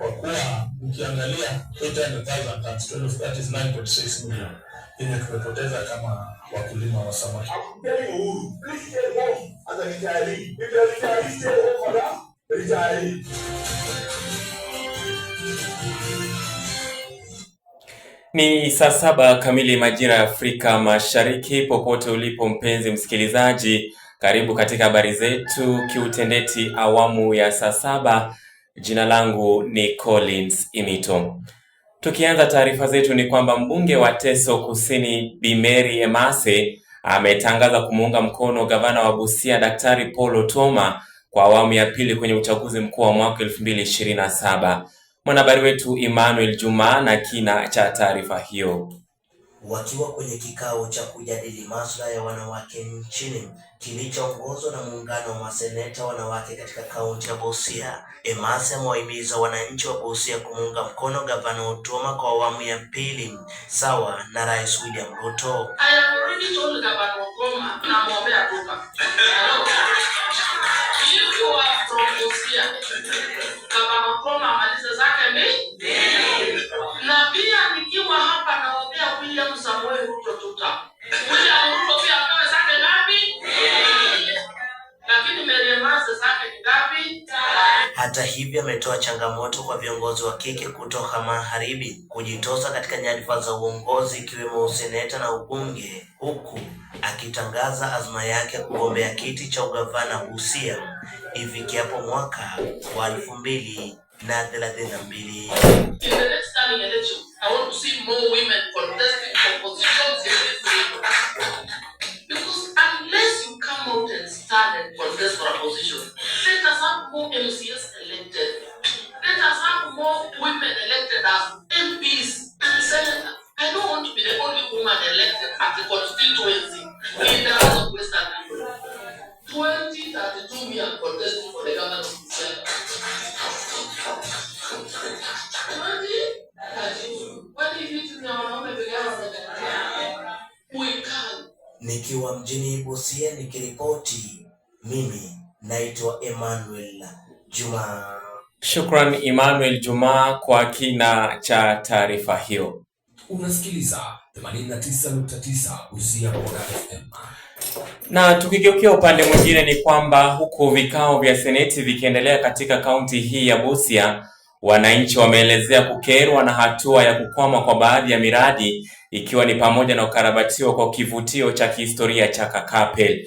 kwa kuwa ukiangalia 800,000 times 12 that is million yenye tumepoteza kama wakulima wa samaki. Yaani Ni saa saba kamili majira ya Afrika Mashariki. Popote ulipo mpenzi msikilizaji, karibu katika habari zetu kiutendeti awamu ya saa saba Jina langu ni Collins Imito. Tukianza taarifa zetu ni kwamba mbunge wa Teso Kusini Bi Mary Emase ametangaza kumuunga mkono gavana wa Busia Daktari Paul toma kwa awamu ya pili kwenye uchaguzi mkuu wa mwaka 2027. Mwanahabari wetu Emmanuel Juma na kina cha taarifa hiyo wakiwa kwenye kikao cha kujadili masuala ya wanawake nchini kilichoongozwa na muungano wa maseneta wanawake katika kaunti ya Busia. Emase amewahimiza wananchi wa Busia kumuunga mkono Gavana Otuoma kwa awamu ya pili sawa na Rais William Ruto. pia ametoa changamoto kwa viongozi wa kike kutoka magharibi kujitosa katika nyadhifa za uongozi ikiwemo useneta na ubunge, huku akitangaza azma yake kugombea kiti cha ugavana Busia ifikiapo mwaka wa elfu mbili na thelathini na mbili. that as MPs and senators. I don't want to be the only woman elected at the constituency in the House of Western Africa. 2032 we are contesting for the government of December. 2032. to We Nikiwa mjini Busia nikiripoti, mimi naitwa Emmanuel Juma. Shukran Emmanuel Jumaa kwa kina cha taarifa hiyo. Unasikiliza 89.9 Usia Bora FM. Na tukigeukia upande mwingine ni kwamba huku vikao vya seneti vikiendelea katika kaunti hii ya Busia, wananchi wameelezea kukerwa na hatua ya kukwama kwa baadhi ya miradi ikiwa ni pamoja na ukarabatiwa kwa kivutio cha kihistoria cha Kakapel.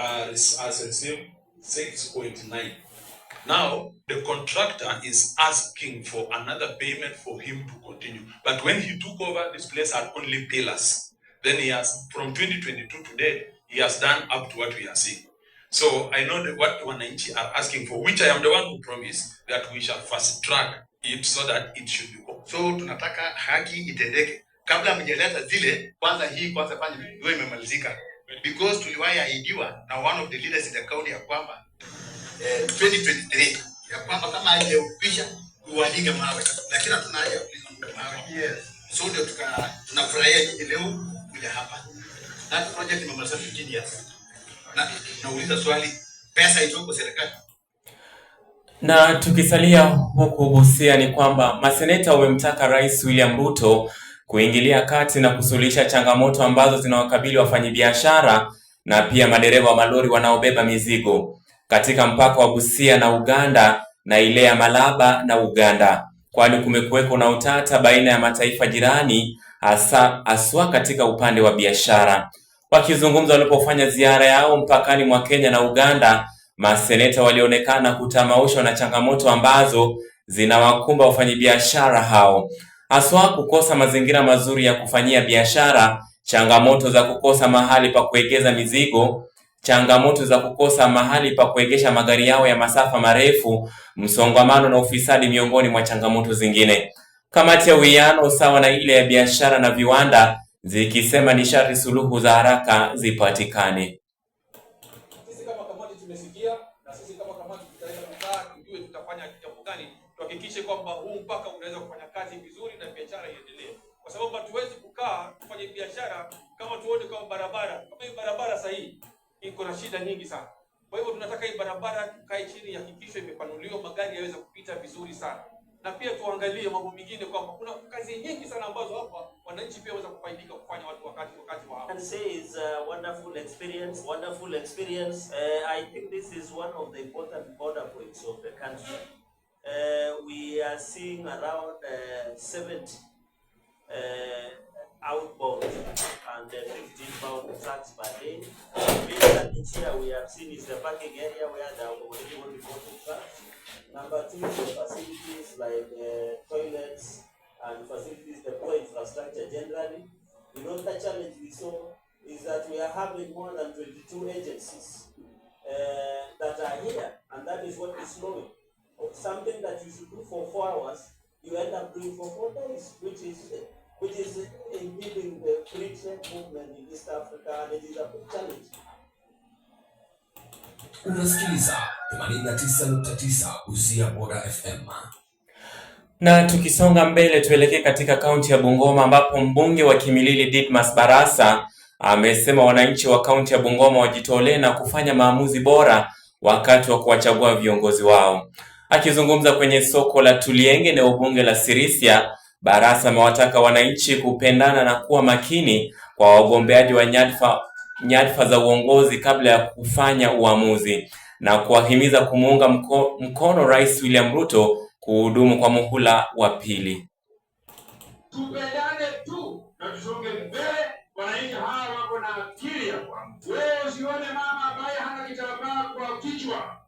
uh, SMCM 6.9. Now, the contractor is asking for another payment for him to continue. But when he took over, this place had only pillars. Then he has, from 2022 today, he has done up to what we are seeing. So I know that what Wananchi are asking for, which I am the one who promised that we shall fast track it so that it should be so tunataka haki itendeke kabla mjaleta zile kwanza, hii kwanza fanya iwe imemalizika because tuliwahi ahidiwa na one of the leaders in the county ya kwamba eh, 2023 ya kwamba kama hajaupisha uandike mawe, lakini hatuna haja ya mawe. Yes, so ndio tuka tunafurahia nyinyi leo kuja hapa That project imemaliza 15 years, na nauliza swali, pesa kwa serikali na tukisalia huku Busia ni kwamba maseneta wamemtaka Rais William Ruto kuingilia kati na kusuluhisha changamoto ambazo zinawakabili wafanyabiashara na pia madereva wa malori wanaobeba mizigo katika mpaka wa Busia na Uganda na ile ya Malaba na Uganda, kwani kumekuweko na utata baina ya mataifa jirani hasa haswa katika upande wa biashara. Wakizungumza walipofanya ziara yao mpakani mwa Kenya na Uganda, maseneta walionekana kutamaushwa na changamoto ambazo zinawakumba wafanyabiashara hao haswa kukosa mazingira mazuri ya kufanyia biashara, changamoto za kukosa mahali pa kuegeza mizigo, changamoto za kukosa mahali pa kuegesha magari yao ya masafa marefu, msongamano na ufisadi, miongoni mwa changamoto zingine. Kamati ya uwiano sawa na ile ya biashara na viwanda zikisema nishati suluhu za haraka zipatikane. tuhakikishe kwamba huu mpaka unaweza kufanya kazi vizuri na biashara iendelee, kwa sababu hatuwezi kukaa tufanye biashara kama tuone kama barabara kama hii barabara sahihi iko na shida nyingi sana. Kwa hivyo tunataka hii barabara tukae chini, hakikishwe imepanuliwa, magari yaweze kupita vizuri sana, na pia tuangalie mambo mengine kwamba kuna kazi nyingi sana ambazo hapa wananchi pia waweza kufaidika kufanya watu wakati wakati wa hapa. And say is a wonderful experience, wonderful experience. Uh, I think this is one of the important border points of the country uh, we are seeing around uh, 70 uh, outbound and uh, 15 bound trucks per day. That this year we have seen is the parking area where there already only 40 trucks. Number two is the facilities like uh, toilets and facilities, the poor infrastructure generally. You know, the challenge we saw is that we are having more than 22 agencies uh, that are here, and that is what is slowing something that you should do for four hours, you end up doing for four days, which is which is impeding the free trade movement in East Africa, and it is a big challenge. Unasikiliza 89.9 Busia Bora FM. Na tukisonga mbele tuelekee katika kaunti ya Bungoma ambapo mbunge wa Kimilili Didmas Barasa amesema wananchi wa kaunti ya Bungoma wajitolee na kufanya maamuzi bora wakati wa kuwachagua viongozi wao. Akizungumza kwenye soko la Tulienge eneo bunge la Sirisia, Barasa amewataka wananchi kupendana na kuwa makini kwa wagombeaji wa nyadhifa nyadhifa za uongozi kabla ya kufanya uamuzi na kuwahimiza kumuunga mko, mkono Rais William Ruto kuhudumu kwa muhula wa pili. Tupendane tu na tusonge mbele. Wananchi hawa wako na akili ya kwamba wewe usione mama ambaye hana kitambaa kwa kichwa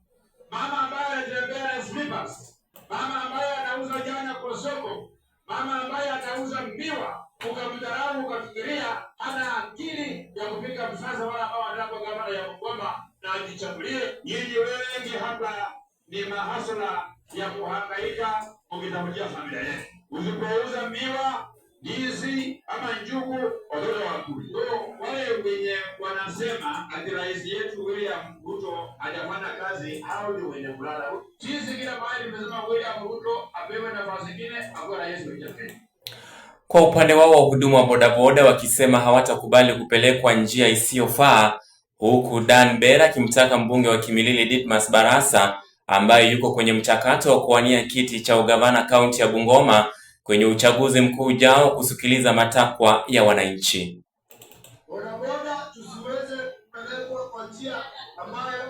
mama ambaye anatembea na slippers, mama ambaye anauza jana kwa soko, mama ambaye atauza mbiwa, ukamdharau ukafikiria hana akili ya kupiga msasa, wala ambao anapo gavana ya Bungoma na ajichagulie. Nyinyi wengi hapa ni mahasala ya kuhangaika ukitafutia familia yenu. Usipouza mbiwa ndizi ama njugu, watoto wakule. So wale wenye wanasema ati rais yetu William Ruto hajafanya kazi, hao ndio wenye kulala. Sisi kila mahali tumesema William Ruto apewe nafasi nyingine, akuwe rais wa Kenya. Kwa upande wao wahudumu wa bodaboda wakisema hawatakubali kupelekwa njia isiyofaa, huku Dan Bera akimtaka mbunge wa Kimilili Didmas Barasa ambaye yuko kwenye mchakato wa kuwania kiti cha ugavana kaunti ya Bungoma kwenye uchaguzi mkuu ujao kusikiliza matakwa ya wananchi. Bodaboda tusiweze kupelekwa kwa njia ambayo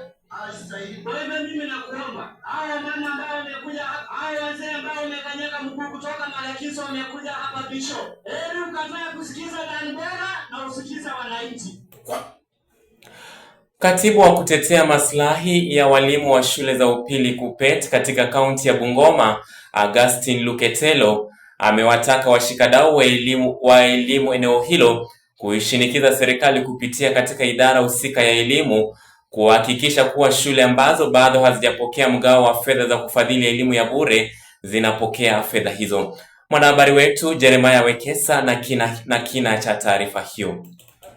Kwa hivyo mimi nakuomba, haya mama ambayo amekuja haya wazee ambayo kutoka Malakiso wamekuja hapa Bisho, heri kusikiza Danbora na usikiza wananchi. Katibu wa kutetea maslahi ya walimu wa shule za upili KUPPET katika kaunti ya Bungoma, Augustine Luketelo amewataka washikadau wa elimu wa elimu eneo hilo kuishinikiza serikali kupitia katika idara husika ya elimu kuhakikisha kuwa shule ambazo bado hazijapokea mgao wa fedha za kufadhili elimu ya bure zinapokea fedha hizo. Mwanahabari wetu Jeremiah Wekesa na kina na kina cha taarifa hiyo.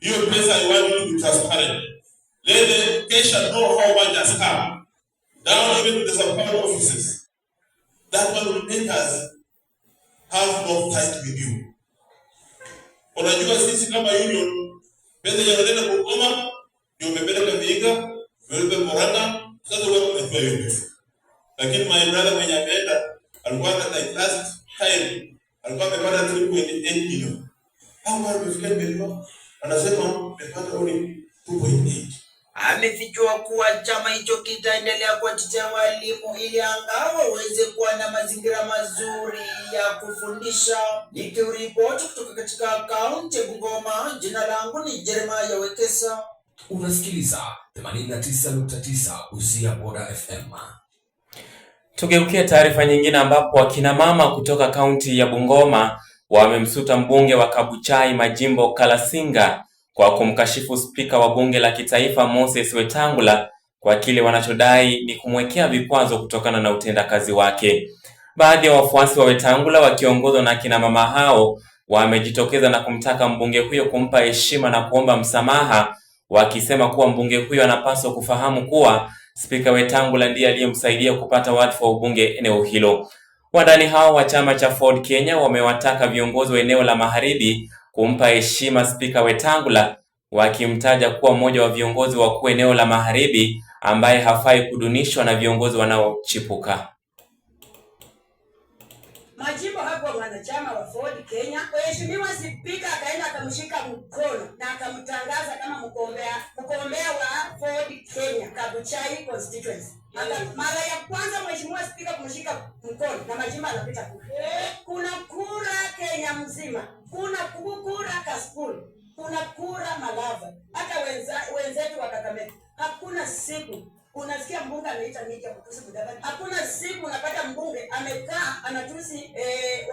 Hiyo pesa I want you to be transparent. Let the cashier know how much has come. Down even to the sub-county offices. That one will make us have more tight with you. Unajua sisi kama union pesa inaenda kwa Bungoma ndio umepeleka Vihiga, umepeleka Murang'a, sasa wewe umepewa hiyo pesa. Lakini my brother mwenye ameenda alikuwa na interest high. Alikuwa amepata 3.8 million. How Hapo amefika milioni Anasema mepata uli amefichua kuwa chama hicho kitaendelea kuwatetea walimu ili angawa waweze kuwa na mazingira mazuri ya kufundisha. Nikiripoti kutoka katika kaunti ya Bungoma, jina langu ni Jeremaya Wekesa. Unasikiliza 89.9 Uzia Bora FM. Tugeukie taarifa nyingine ambapo akina mama kutoka kaunti ya Bungoma wamemsuta mbunge wa Kabuchai Majimbo Kalasinga kwa kumkashifu spika wa bunge la kitaifa Moses Wetangula kwa kile wanachodai ni kumwekea vikwazo kutokana na utendakazi wake. Baadhi ya wafuasi wa Wetangula wakiongozwa na kina mama hao wamejitokeza na kumtaka mbunge huyo kumpa heshima na kuomba msamaha, wakisema kuwa mbunge huyo anapaswa kufahamu kuwa spika Wetangula ndiye aliyemsaidia kupata wadhifa wa ubunge eneo hilo. Wandani hao wa chama cha Ford Kenya wamewataka viongozi wa eneo la Magharibi kumpa heshima Spika Wetangula, wakimtaja kuwa mmoja wa viongozi wakuu eneo la Magharibi ambaye hafai kudunishwa na viongozi wanaochipuka wanachama wa Ford Kenya. Mheshimiwa Spika akaenda akamshika mkono na akamtangaza kama mgombea mgombea wa Ford Kenya Kabuchai constituency. Mara ya kwanza Mheshimiwa Spika kumshika mkono na majimbo anapita kura. Kuna kura Kenya mzima, kuna kura Kasulu, kuna kura Malava, hata wenzetu wa Kakamega. Hakuna siku Unasikia mbunge ameita miti ya kutusi kudabati. Hakuna siku unapata mbunge amekaa anatusi eh,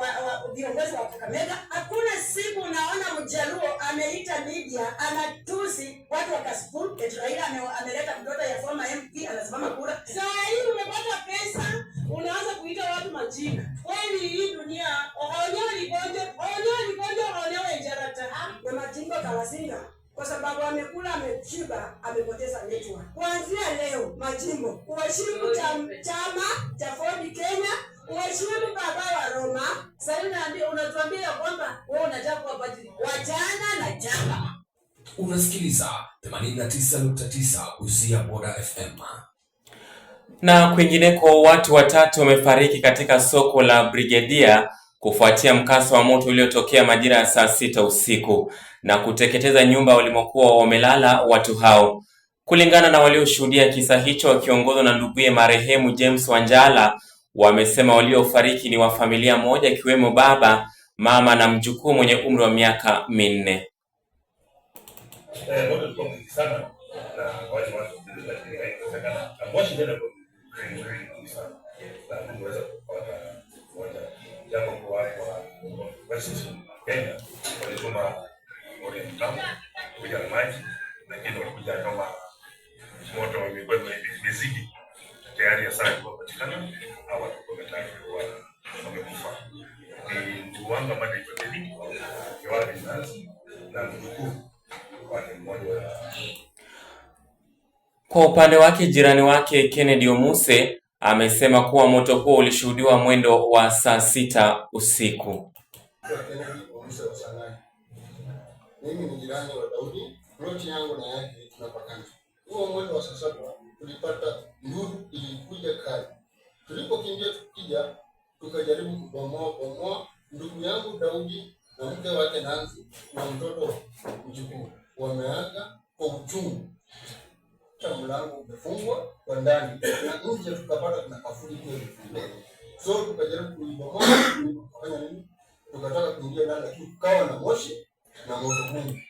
viongozi wa, wa Kakamega. Hakuna siku unaona mjaluo ameita media anatusi watu wa Kasipul. Raila ameleta mtoto ya former MP anasimama kura. Saa hii umepata pesa unaanza kuita watu majina. Kwani hii dunia ohaonyewe ligonjo, ohaonyewe ligonjo, ohaonyewe ijarata. Ya majingo kawasinga kwa sababu amekula, ameshiba, amepoteza network. Kuanzia leo, majimbo uheshimu chama cha Ford Kenya, uheshimu baba wa Roma. Sasa naambia, unatuambia kwamba wewe unataka kuwabadili wajana na jama. Unasikiliza 89.9 Busia Border FM. Na kwingineko, watu watatu wamefariki katika soko la Brigedia kufuatia mkasa wa moto uliotokea majira ya saa sita usiku na kuteketeza nyumba walimokuwa wamelala watu hao. Kulingana na walioshuhudia kisa hicho wakiongozwa na nduguye marehemu James Wanjala, wamesema waliofariki ni wa familia moja, ikiwemo baba, mama na mjukuu mwenye umri wa miaka minne. Jambo kwa wale wa West Kenya walituma Orient Camp kuja na maji, lakini walikuja kama moto wa mikwemo tayari ya saa ilikuwa au walikuwa tayari kuwa wamekufa. Ni ndugu wangu ambaye anaitwa David na mjukuu wake mmoja wa kwa upande wake jirani wake Kennedy Omuse amesema kuwa moto huo ulishuhudiwa mwendo wa saa sita usiku. Mimi ni jirani wa Daudi, ploti yangu na yake tunapakana. Huo mwendo wa saa saba tulipata nuru ilikuja kali. Tulipokimbia tukija, tukajaribu kubomoa bomoa, ndugu yangu Daudi na mke wake na mtoto mjukuu wameaga kwa uchungu kuta mlango umefungwa kwa ndani na nje, tukapata kuna kafuri kafuli kule, so tukajaribu kuibomoa, kufanya nini, tukataka kuingia ndani, lakini kukawa na moshi na moto mwingi.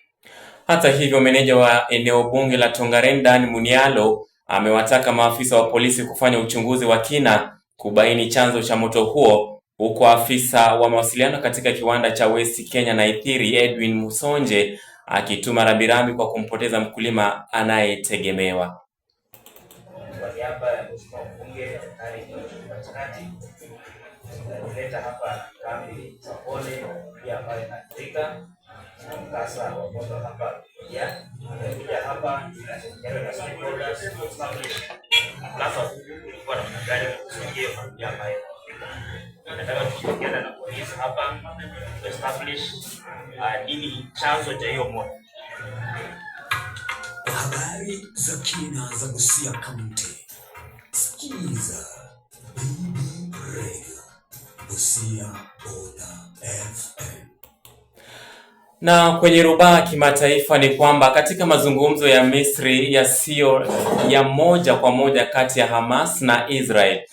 Hata hivyo, meneja wa eneo bunge la Tongaren Dan Munialo amewataka maafisa wa polisi kufanya uchunguzi wa kina kubaini chanzo cha moto huo, huku afisa wa mawasiliano katika kiwanda cha West Kenya na Naithiri Edwin Musonje akituma rambirambi kwa kumpoteza mkulima anayetegemewa. Kwa niaba ya Mheshimiwa Mbunge Daktari hapa kambi za pole pia ambayo inaathirika na mkasa wa moto hapa hapa na polisi hapa establish uh, nini chanzo cha hiyo moto. Habari za kina za Busia County. Busia FM. Na kwenye rubaa kimataifa ni kwamba katika mazungumzo ya Misri yasiyo ya moja kwa moja kati ya Hamas na Israel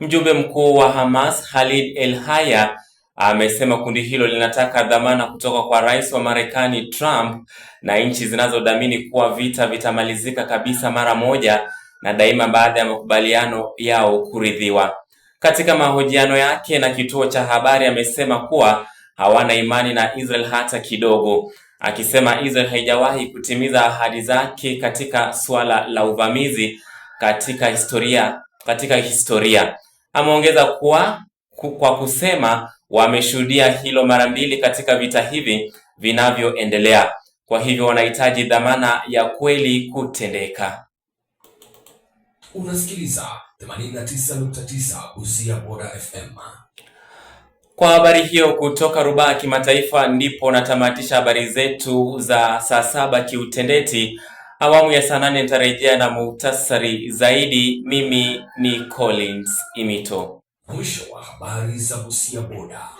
Mjumbe mkuu wa Hamas Khalid El Haya amesema kundi hilo linataka dhamana kutoka kwa rais wa Marekani Trump na nchi zinazodhamini kuwa vita vitamalizika kabisa mara moja na daima baada ya makubaliano yao kuridhiwa. Katika mahojiano yake na kituo cha habari amesema kuwa hawana imani na Israel hata kidogo, akisema Israel haijawahi kutimiza ahadi zake katika suala la uvamizi katika historia katika historia. Ameongeza kuwa kwa kusema wameshuhudia hilo mara mbili katika vita hivi vinavyoendelea. Kwa hivyo wanahitaji dhamana ya kweli kutendeka. Unasikiliza 89.9 Busia Bora FM. Kwa habari hiyo kutoka Rubaa Kimataifa, ndipo natamatisha habari zetu za saa saba kiutendeti awamu ya saa nane nitarejea na muhtasari zaidi. Mimi ni Collins Imito. Mwisho wa habari za Busia Boda.